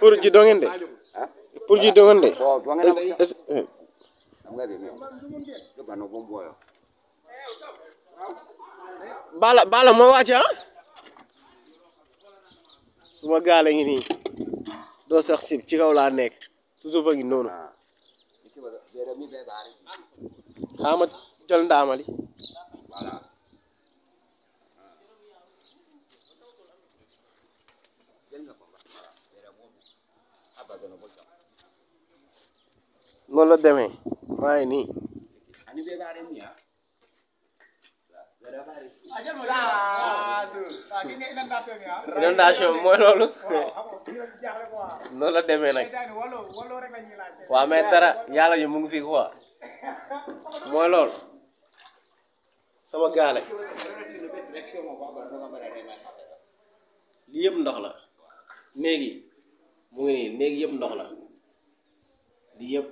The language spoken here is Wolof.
pour ji doo ngeen ji doo ngeen de bala bala moo wàcc ah suma gaal ngi nii doo sax sib ci kaw laa nekk su suuf a ngi noonu ah. xaama jël ndaamali noonu la demee maa ngi nii inondation mooy loolu noonu la demee nag waaw mais dara yàlla ñu mu ngi fii quoi mooy loolu sama gaale li yëpp ndox la néegi mu ngi nii néeg yëpp ndox la di yëpp